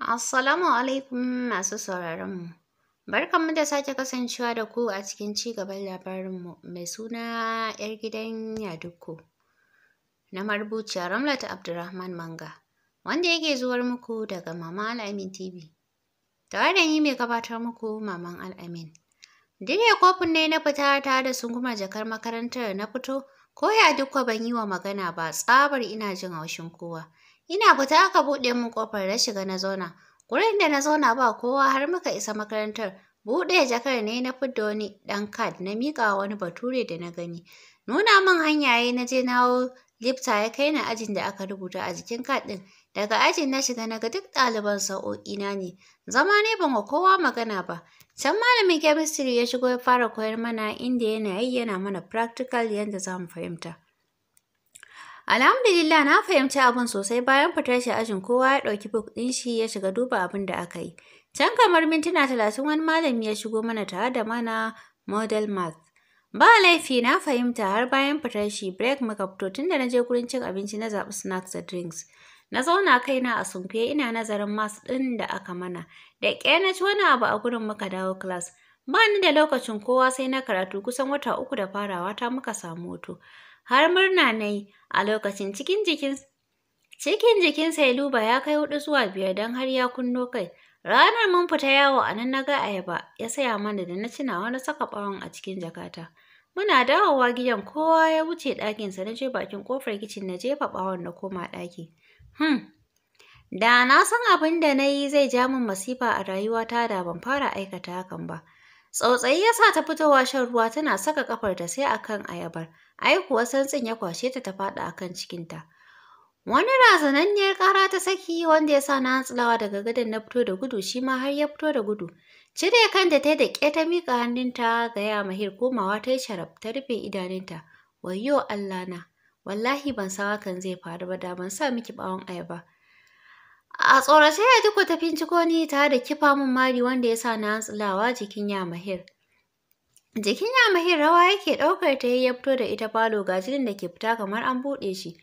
Assalamu alaikum masu sauraronmu. Barkanmu da sake kasancewa da ku a cikin ci gaban labarinmu mai suna 'yar gidan Yadukko na marubuciya Ramlat Abdulrahman Manga wanda yake zuwar muku daga Mama Al'amin TV. Tare da yi mai gabatar muku Maman Al'amin. Dire kofin ne na fita ta da guma jakar makarantar na fito ko ya dukka ban yi wa magana ba tsabar ina jin haushin kowa. Ina fita aka buɗe min ƙofar na shiga na zauna. Gurin da na zauna ba kowa har muka isa makarantar. Buɗe jakar ne na fidda wani ɗan kad na miƙa wani bature da na gani. Nuna min hanyaye na je na lifta ya kai ni ajin da aka rubuta a jikin kad ɗin. Daga ajin na shiga na ga duk ɗaliban na ne. Zama ne ban wa kowa magana ba. Can malamin chemistry ya shigo ya fara koyar mana inda yana yi yana mana practical yadda za mu fahimta. Alhamdulillah na fahimci abin sosai bayan fitar shi ajin kowa ya ɗauki book ɗin shi ya shiga duba abin da aka yi. Can kamar mintuna talatin wani malami ya shigo mana tare da mana model math. Ba laifi na fahimta har bayan fitar shi break muka fito tun da na je gurin cin abinci na zaɓi snacks da drinks. Na zauna kaina a sunkuye ina nazarin math ɗin da aka mana. Da ƙyar na ci wani abu a gurin muka dawo class. Ba ni da lokacin kowa sai na karatu kusan wata uku da farawa ta muka samu hutu. har murna na yi a lokacin cikin jikin cikin jikin sailuba ya kai hudu zuwa biyar don har ya kunno kai ranar mun fita yawo a nan na ga ayaba ya saya mana da na cina wani saka bawon a cikin jakata muna dawowa gidan kowa ya wuce ɗakinsa na je bakin kofar kicin na jefa bawon na koma ɗaki hmm da na san abin da na yi zai ja min masifa a rayuwata da ban fara aikata hakan ba tsautsayi ya sa ta fitowa shan ruwa tana saka kafarta sai akan ayabar ai kuwa santsin ya kwashe ta ta faɗi a kan cikinta. Wani razananniyar ƙara ta saki wanda ya sa na daga gadon na fito da gudu shi ma har ya fito da gudu. Cire kan da ta yi da ƙe ta miƙa hannunta ga ya mahir komawa ta yi sharaf ta rufe idanunta. Wayyo Allah na, wallahi ban san hakan zai faru ba da ban sa miki ɓawon ayaba. A tsorace ya duk wata finciko ni ta da kifa mun mari wanda ya sa na hantsilawa jikin ya mahir. Jikin Yamahir rawa yake ɗaukar ta ya fito da ita falo ga jinin da ke fita kamar an buɗe shi.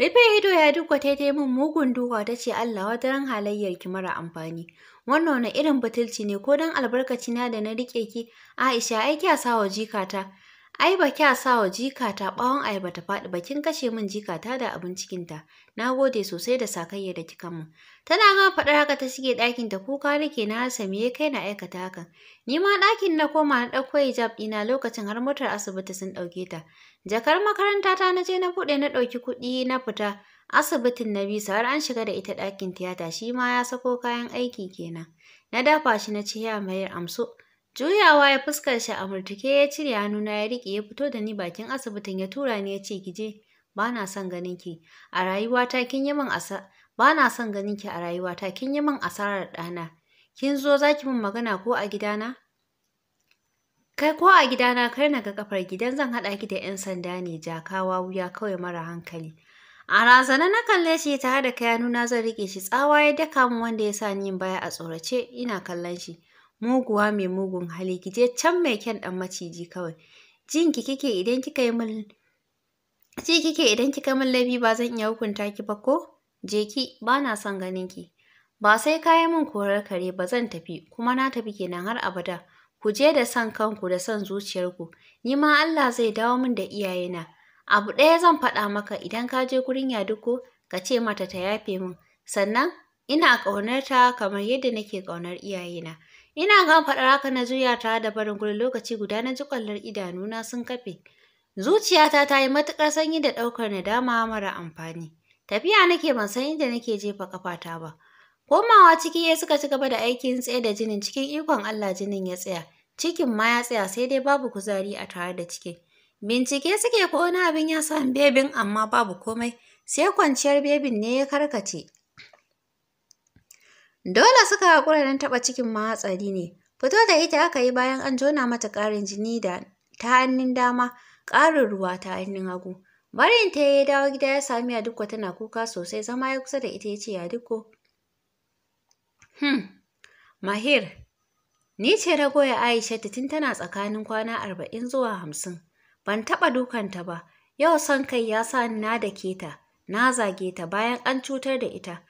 Rufe ido ya duka ta yi min mugun duka ta ce Allah wataran halayyar ki mara amfani. Wannan wani irin butulci ne ko don albarkaci na da na riƙe ki Aisha ai kya sawa jikata Ai ba kya sa wa jikata ai ayaba ta faɗi ba kin kashe min jikata da abin cikinta. Na gode sosai da sakayya da kika min. Tana ga faɗar haka ta shige ɗakin ta kuka nake na rasa me ya kai na aikata hakan. Ni ma ɗakin na koma na ɗauko hijab ɗina lokacin har motar asibiti sun ɗauke ta. Jakar makaranta ta na na buɗe na ɗauki kuɗi na fita. Asibitin na bisa har an shiga da ita ɗakin tiyata shi ma ya sako kayan aiki kenan. Na dafa shi na ce ya mayar amso. Juyawa ya fuskar shi a murtuke ya cire hannuna ya riƙe ya fito da ni bakin asibitin ya tura ni ya ce ki je ba na son ganin ki a rayuwata kin yi min asa ba na son ganin ki a rayuwata kin yi min asarar ɗana kin zo za ki min magana ko a gidana kai ko a gidana kar na ga kafar gidan zan haɗa ki da 'yan sanda ne jakawa wuya kawai mara hankali A razana na kalle shi tare da kayanuna zan riƙe shi tsawa ya daka min wanda ya sa ni yin baya a tsorace ina kallon shi. muguwa mai mugun hali ki je can mai kyan ɗan maciji kawai jin ki kike idan kika yi min kike idan kika laifi ba zan iya hukunta ki ba ko je ki ba na son ganin ki ba sai kayi mun korar kare ba zan tafi kuma na tafi kenan har abada ku je da son kanku da son zuciyarku ni ma Allah zai dawo min da iyayena abu ɗaya zan faɗa maka idan ka je gurin yaduko ka ce mata ta yafe min sannan ina ƙaunar ta kamar yadda nake ƙaunar iyayena Ina ga faɗar haka na juya tare da barin gurin lokaci guda na ji kwallar idanuna sun kafe. Zuciyata ta yi matuƙar sanyi da ɗaukar nadama mara amfani. Tafiya nake ban san inda nake jefa ƙafata ba. Komawa ciki ya suka ci gaba da aikin tsaye da jinin cikin ikon Allah jinin ya tsaya. Cikin ma ya tsaya sai dai babu kuzari a tare da cikin. Bincike suke ko wani abin ya san bebin amma babu komai. Sai kwanciyar bebin ne ya karkace Dole suka haƙura don taɓa cikin hatsari ne. Fito da ita aka yi bayan an jona mata ƙarin jini da ta hannun dama, ƙarin ruwa ta hannun hagu. Barin ta ya dawo gida ya sami Yadiko tana kuka sosai zama ya kusa da ita ya ce Yadiko. Hmm, Mahir, ni ce rago ya Aisha tun tana tsakanin kwana arba'in zuwa hamsin. Ban taɓa dukanta ba, yau son kai ya sa na da keta, na zage ta bayan an cutar da ita.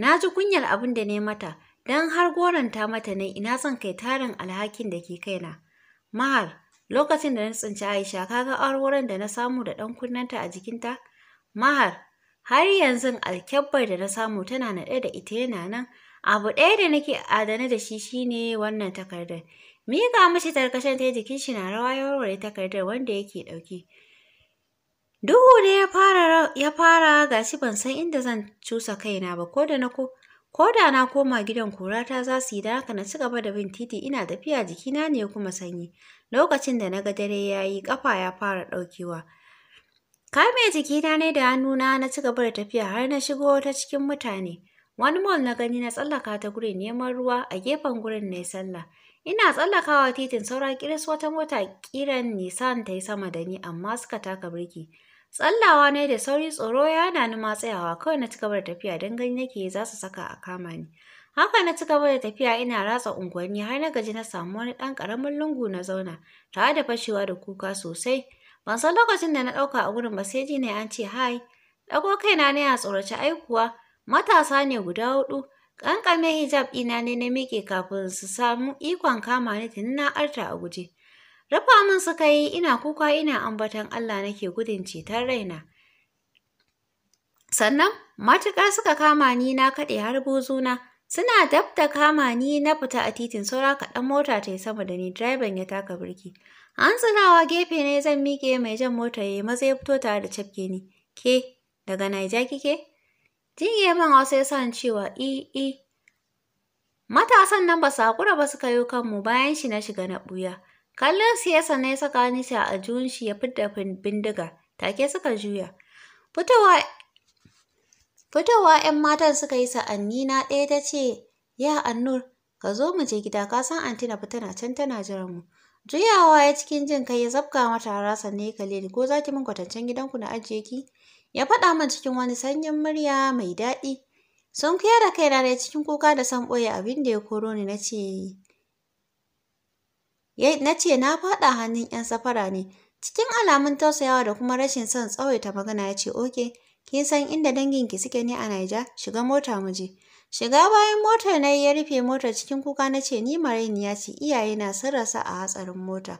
Na ji kunyar abin da ne mata, don har goranta mata ne ina zan kai tarin alhakin da ke kai na? Mahar, lokacin da na tsinci Aisha, kaga arworan da na samu da ɗan kunnanta a jikinta? Mahar, har yanzu alkyabbar da na samu tana naɗe da ita yana nan. Abu ɗaya da nake adana da shi shine wannan takardar. Mika mashi tarkashen ta jikin shi na rawa ya warware takardar wanda yake ɗauki. Duhu ne ya fara ga shi ban san inda zan cusa kaina ba ko da na ko ko da na koma gidan kurata za su yi da haka na ci gaba da bin titi ina tafiya jikina ne kuma sanyi lokacin da na ga dare ya yi kafa ya fara ɗaukewa. Kame jikina ne da hannuna na ci gaba da tafiya har na shigo ta cikin mutane. Wani mall na gani na tsallaka ta gurin neman ruwa a gefen gurin na sallah. Ina tsallakawa titin saura kiris wata mota kiran Nissan ta yi sama da ni amma suka taka birki. Tsallawa ne da sauri tsoro ya na ni ma tsayawa kawai na cigaba da tafiya don gani nake za su saka a kama ni. Haka na gaba da tafiya ina ratsa unguwanni har na gaji na samu wani ɗan ƙaramin lungu na zauna tare da fashewa da kuka sosai. Ban san lokacin da na ɗauka a wurin ba sai ji ne an ce hai. Ɗago kaina ne a tsorace aikuwa matasa ne guda huɗu. Ƙanƙame hijab ɗina ne na miƙe kafin su samu ikon kama ni tuni na arta a guje. Rafa min suka yi ina kuka ina ambatan Allah nake gudun ceton raina. Sannan matuƙar suka kama ni na kaɗe har buzuna, suna dab da kama ni na fita a titin saura kaɗan mota ta yi sama da ni direban ya taka birki. An Hantsinawa gefe ne zan miƙe mai jan mota ya yi maza ya fito tare da cafke ni. Ke, daga Naija kike? Jiye man wasu ya san cewa i i. Matasan nan ba su haƙura ba suka yi kanmu bayan shi na shiga na ɓuya. Kallon siyasa ne ya saka a jun shi ya fidda bindiga, take suka juya. Fitowa Fitowa ‘yan matan suka yi sa'anni na ɗaya ta ce, Ya Annur, ka zo mu je gida ka san anti na fita can tana jiran mu. Juyawa ya cikin jin kai ya zabka mata rasa ne Khalil ko za ki min kwatancen gidanku na ajiye ki? Ya faɗa min cikin wani sanyin murya mai daɗi. Sun kuyar da kaina da cikin kuka da san ɓoye abin da ya koro ni na ce, na ce na faɗa hannun 'yan safara ne. Cikin alamun tausayawa da kuma rashin son tsawaita magana ya ce, Oke, kin san inda dangin ki suke ne a Naija, shiga mota mu je. Shiga bayan motar na ya rufe motar cikin kuka na ce, Ni ya ce, iyaye na sun rasa a hatsarin mota.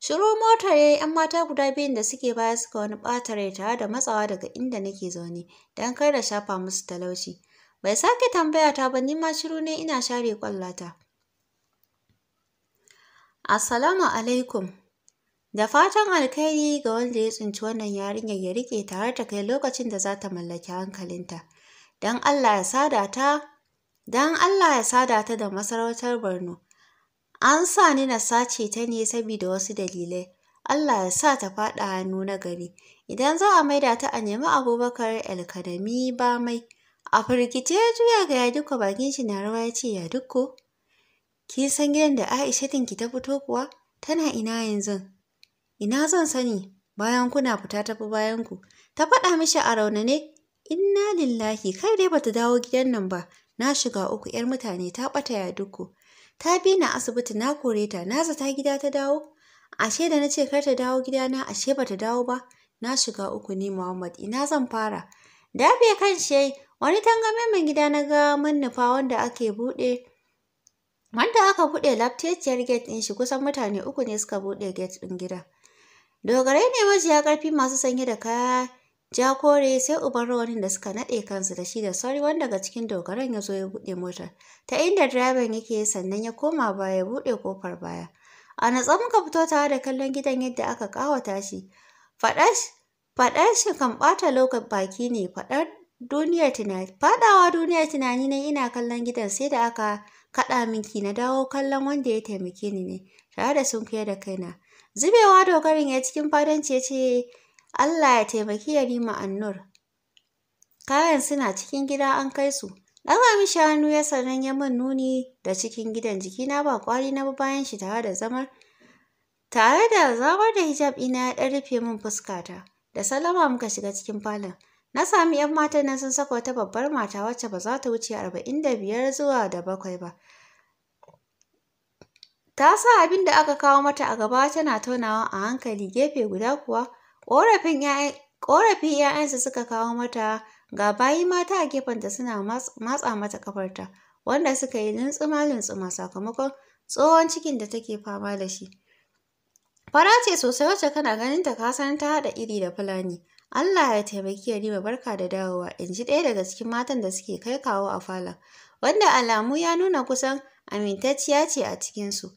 Shiru motar ya yi ‘yan mata guda biyun da suke baya suka wani ɓata tare da matsawa daga inda nake zaune, don kar da shafa musu talauci. Bai sake tambaya ta ba, ni ma shiru ne ina share kwallata Assalamu alaikum. Da fatan alkhairi ga wanda ya tsinci wannan yarinyar ya rike tare ta kai lokacin da za ta mallaki hankalinta. Don Allah ya sada ta, don Allah ya sada ta da masarautar Borno. An sa ni na sace ta ne saboda wasu dalilai. Allah ya sa ta faɗa hannu na gari. Idan za a maida ta a nemi Abubakar Elkadami ba mai. A firgice ya juya ga duka bakin shi na rawa ya ce Yadiko. Kin san gidan da Aisha ki ta fito kuwa? Tana ina yanzu? Ina zan sani bayan kuna fita tafi bayan ku. Ta faɗa mishi a raunane, inna lillahi kai dai bata dawo gidan nan ba. Na shiga uku ‘yar mutane ta ɓata ya duku. Ta bi na asibiti na kore ta, na zata gida ta dawo. Ashe da na ce kar ta dawo gida na ashe bata dawo ba. Na shiga uku ne Muhammad, ina zan fara? Dafe kan shi wani tangamen gida na ga mannufa wanda ake buɗe Wanda aka buɗe laftacciyar gate ɗin shi kusan mutane uku ne suka buɗe gate ɗin gida. Dogarai ne majiya ƙarfi masu sanye da kaya ja kore sai uban rawanin da suka naɗe kansu da shi da sauri wanda daga cikin dogaran ya zo ya buɗe mota. Ta inda direban yake sannan ya koma baya ya buɗe kofar baya. A natsa muka fito tare da kallon gidan yadda aka ƙawata shi. Faɗar shi kan ɓata lokacin baki ne faɗar duniyar tunani. Faɗawa duniyar tunani ne ina kallon gidan sai da aka kaɗa miki na dawo kallon wanda ya taimake ni ne tare da sun da kaina zubewa dogarin ya cikin fadanci ya ce allah ya taimaki yarima annur kayan suna cikin gida an kai su ɗaga abin shanu ya sanan ya min nuni da cikin gidan jiki, na ba kwari na bayan shi tare da zamar tare da zamar da hijab ina ya ɗan rufe min fuskata da salama muka shiga cikin falon Na sami ‘yan matan nan sun saka wata babbar mata wacce ba za ta wuce arba'in da biyar zuwa da bakwai ba. Ta sa abin da aka kawo mata a gaba tana taunawa a hankali gefe guda kuwa ƙorafin 'ya'yansa suka kawo mata ga bayi mata a gefenta suna matsa mata kafarta wanda suka yi lintsuma-lintsuma sakamakon tsohon cikin da take fama da shi. Fara ce sosai wacce kana ganin ta kasan ta haɗa iri da fulani. Allah ya taimaki Yarima barka da dawowa, in ji ɗaya daga cikin matan da suke kai kawo a falon, wanda alamu ya nuna kusan amintacciya ce a cikinsu.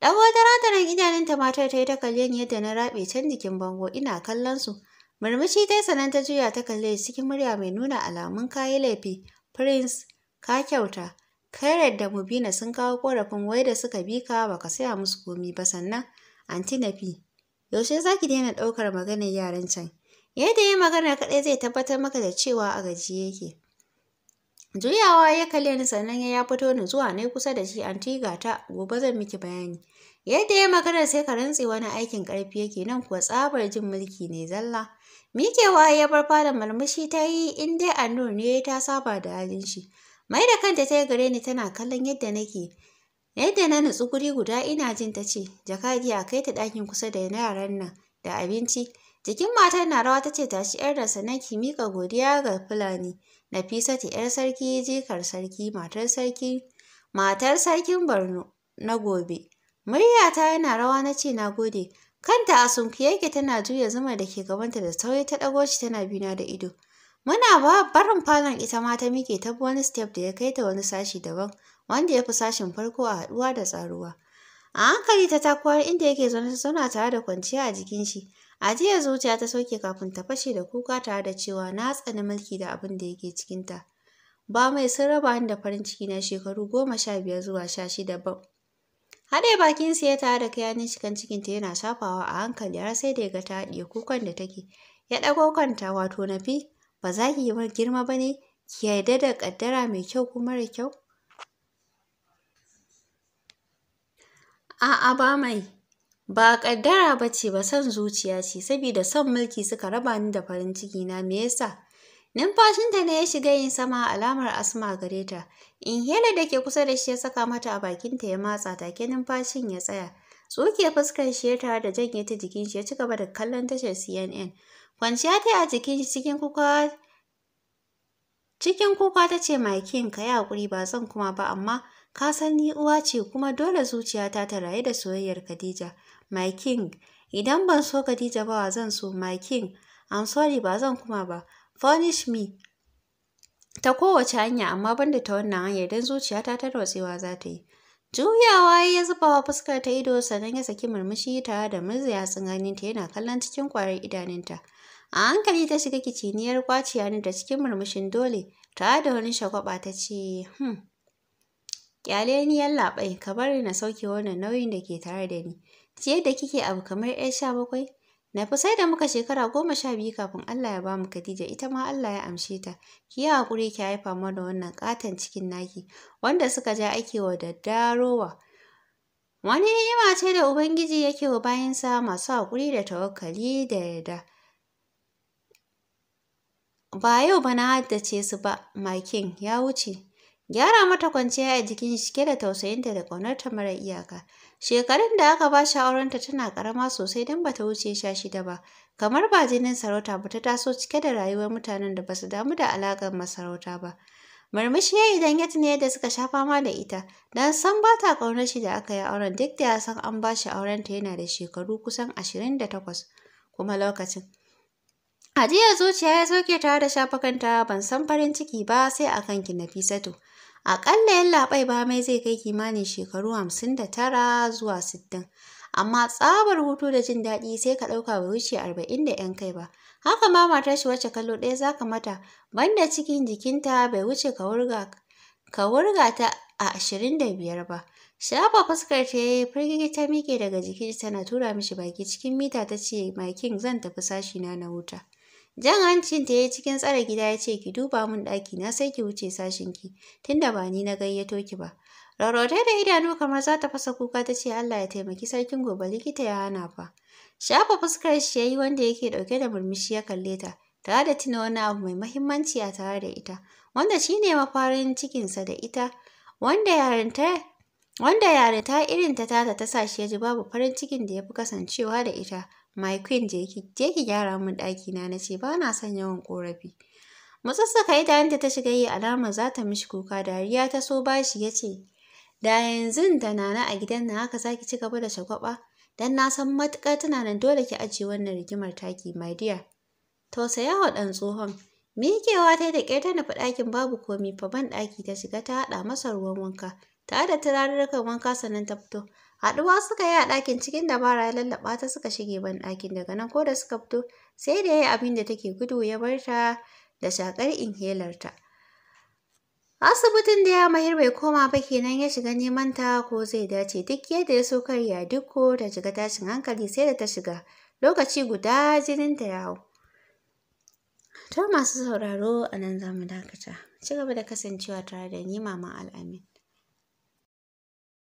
Ɗan wata idanun idanunta matar ta yi ta kalle ni yadda na raɓe can jikin bango ina kallon su. Murmushi ta sanan ta juya ta kalle cikin murya mai nuna alamun kayi laifi. Prince, ka kyauta. Kairat da Mubina sun kawo ƙorafin wai da suka bi ka baka saya musu komi ba sannan Anti Nafi. Yaushe za ki daina ɗaukar maganar yaran can? Yadda ya magana kaɗai zai tabbatar maka da cewa a gajiye yake. Juyawa ya kalle ni sannan ya fito ni zuwa ne kusa da shi an tiga ta gobe zan miki bayani. Yadda ya magana sai ka rantse wani aikin ƙarfi yake nan kuwa tsabar jin mulki ne zalla. Mikewa ya bar falon marmushi ta yi in dai annur ne ta saba da halin shi. Mai da kanta ta yi gare ni tana kallon yadda nake. Yadda na nutsu guri guda ina jin ta ce, Jakadiya kai ta ɗakin kusa da yaran nan da abinci. Jikin matar na rawa ta ce tashi ‘yar da sannan ki miƙa godiya ga Fulani. ta ‘yar sarki jikar sarki matar sarki matar sarkin Borno na gobe. murya ta yana rawa na ce na gode. Kanta a sunkuye yake tana juya zama da ke gabanta da sauri ta ɗago shi tana bina da ido. Muna ba barin falon ita ma ta miƙe ta wani step da ya kai ta wani sashi daban wanda ya fi sashin farko a haɗuwa da tsaruwa. A hankali ta takuwar inda yake zaune ta zauna tare da kwanciya a jikin shi. Ajiyar zuciya ta sauke kafin ta fashe da kuka tare da cewa na tsani mulki da abin da yake cikinta. Ba mai sun raba ni da farin ciki na shekaru goma sha biyar zuwa sha shida ba. Haɗe bakin ya tare da kayanin cikin cikinta yana shafawa a hankali har sai da ya ga ta haɗiye kukan da take. Ya ɗago kanta wato na fi ba za ki yi girma ba ne ki yarda da ƙaddara mai kyau ko mara kyau. A'a ba mai. ba ƙaddara ba ce ba son zuciya ce saboda son mulki suka raba ni da farin ciki na me yasa numfashinta ne ya shiga yin sama alamar asma gare ta hela da ke kusa da shi ya saka mata a bakinta ya matsa take numfashin ya tsaya tsoke fuskar shi ya tare da janye ta jikin shi ya ci gaba da kallon tashar CNN. Kwanciya ta a jikin shi cikin kuka cikin kuka ta ce "Ma king ka yi hakuri ba zan kuma ba amma Ka san ni uwa ce kuma dole zuciyata ta rayu da soyayyar Khadija. My king, idan ban so Khadija ba wa zan so my king. I'm sorry ba zan kuma ba. Furnish me. Ta kowace hanya amma banda ta wannan hanya, don zuciyata ta rotsewa za ta yi. Juyawa ya zuba wa fuskar ta ido sannan ya saki murmushi tare da murzaya ta yana kallon cikin kwarar idaninta. A hankali ta shiga kiciniyar kwaciya da cikin murmushin dole tare da wani shagwaba ta ce, hmm. kyaleniyar ni yallaɓai, ka bari na sauke wannan nauyin da ke tare da ni. Jiya yadda kike abu kamar 'yar sha bakwai. Na fi sai da muka shekara goma sha biyu kafin Allah ya bamu mu Khadija, ita ma Allah ya amshe ta. Ki yi haƙuri ki haifa mana wannan ƙaton cikin naki, wanda suka ja ake wa daddarowa. Wani ni'ima ce da Ubangiji yake wa sa masu haƙuri da tawakali da yarda. Ba yau ba na haddace su ba, makin ya wuce. Gyara mata kwanciya a jikin shi cike da tausayinta da ƙaunarta mara iyaka. Shekarun da aka ba shi aurenta tana ƙarama sosai don bata wuce sha shida ba. Kamar ba jinin sarauta ba ta taso cike da rayuwar mutanen da basu damu da alaƙar masarauta ba. Murmushi ya idan ya tuna yadda suka sha fama da ita, don san ba ta ƙaunar shi da aka yi auren duk da ya san an ba shi aurenta yana da shekaru kusan ashirin da takwas kuma lokacin. Ajiyar zuciya ya soke tare da shafa ban san farin ciki ba sai a kan ki Nafisatu. Aƙalla yallaɓai ba mai zai kai kimanin shekaru hamsin da tara zuwa sittin. Amma tsabar hutu da jin daɗi sai ka ɗauka bai wuce arba'in da ‘yan kai ba. Haka ma matar shi wacce kallo ɗaya za ka mata, banda cikin jikinta bai wuce ka wurga, ta a ashirin da biyar ba. Shafa fuskar ta yi firgigi ta miƙe daga jikin tana tura mishi baki cikin mita ta ce, My zan tafi sashina na wuta. Jan hancin ta yi cikin tsare gida ya ce ki duba mun ɗaki na sai ki wuce sashin ki tunda ba ni na gayyato ki ba. Rarraute da idanu kamar za ta fasa kuka ta ce Allah ya taimaki sarkin gobe likita ya hana fa. Shafa fuskar shi ya yi wanda yake ɗauke da murmushi ya kalle ta tare da tuna wani abu mai mahimmanci a tare da ita wanda shi ne mafarin cikinsa da ita wanda yarinta wanda yarinta irin ta tata ta sa shi ya ji babu farin cikin da ya fi kasancewa da ita My queen je ki gyara min ɗakina na ce ba na son yawan ƙorafi. Matsassaka idanunta ta shiga yi alamar za ta mishi kuka dariya ta so bashi ya ce, Da yanzu da nana a gidan na haka za ci gaba da shagwaba, dan na san matuƙar tunanin dole ki ajiye wannan rigimar taki, my dear. Tausaya wa ɗan tsohon, miƙewa ta da ƙyar ta nufi ɗakin babu komi fa ban ɗaki ta shiga ta haɗa masa ruwan wanka. tare da turarurrukan wanka sannan ta fito. Haɗuwa suka yi a ɗakin cikin dabara ya lallaɓa ta suka shige ban ɗakin daga nan ko da suka fito sai da ya yi abin da take gudu ya bar ta da shakar inhaler ta. Asibitin da ya mahir bai koma ba kenan ya shiga neman ta ko zai dace duk yadda ya so karya duk ko ta shiga tashin hankali sai da ta shiga lokaci guda jinin ta yawo. Ta masu sauraro a nan za mu dakata. Ci gaba da kasancewa tare da ni Mama Al'amin.